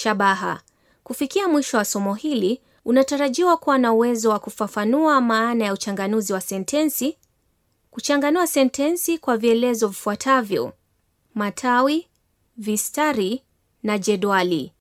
Shabaha. Kufikia mwisho wa somo hili, unatarajiwa kuwa na uwezo wa kufafanua maana ya uchanganuzi wa sentensi, kuchanganua sentensi kwa vielezo vifuatavyo: matawi, vistari na jedwali.